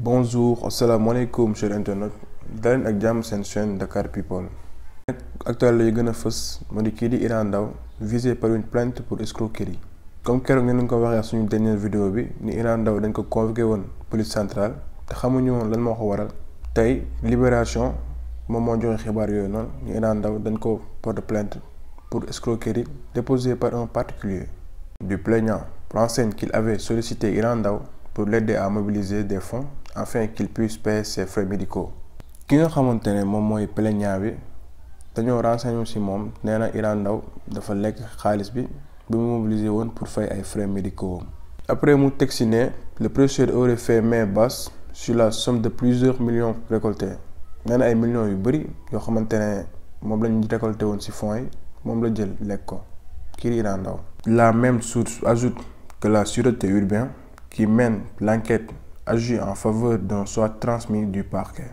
bonjour asalaamaaleykum chers internautes daleen ak jàmm seen chaîne Dakar People. nekk actualité yu gën a fës moo di kii di Iran Ndao visé par une plainte pour escroquerie. comme keroog ni ñu ko waxee suñu dernière vidéo bi ni Iran Ndao dañ ko convoqué woon police centrale te xamuñu woon lan moo ko waral tey libération moom moo joxe xibaar yooyu noonu ñu Iran Ndao dañ ko porte plainte pour escroquerie déposée par un particulier du plaignant renseigne qu'il avait sollicité Iran Ndao pour l'aider mobiliser des fonds afin qu'il puisse payer ses frais médicaux. ki nga xamante ne moom mooy plaignant bi dañoo renseigné ci moom nee na Iran Ndao dafa lekk xaalis bi bi mu mobilisé woon pour fay ay frais médicaux après mu teg ci ne le procureur aurait fait mais basse sur la somme de plusieurs millions récoltés nee na ay millions yu bëri yoo xamante ne moom lañu récolté woon ci fonds yi moom la jël lekk ko kii di Iran Ndao la même source ajoute que la sûreté urbaine qui mène l'enquête agit en faveur d'un soit transmis du parquet.